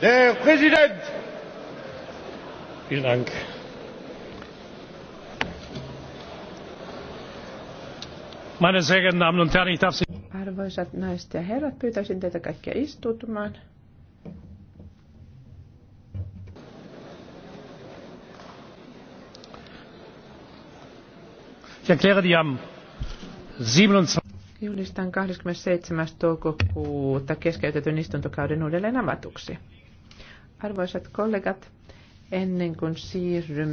Herr Präsident! Vielen Dank. Meine sehr geehrten Damen und Herren, ich darf Sie. Arvoisat naiset ja herrat, pyytäisin teitä kaikkia istutumaan. Ich erkläre die am 27. Julistan 27. toukokuuta keskeytetyn istuntokauden uudelleen avatuksi. Arvoisat kollegat, ennen kuin siirrymme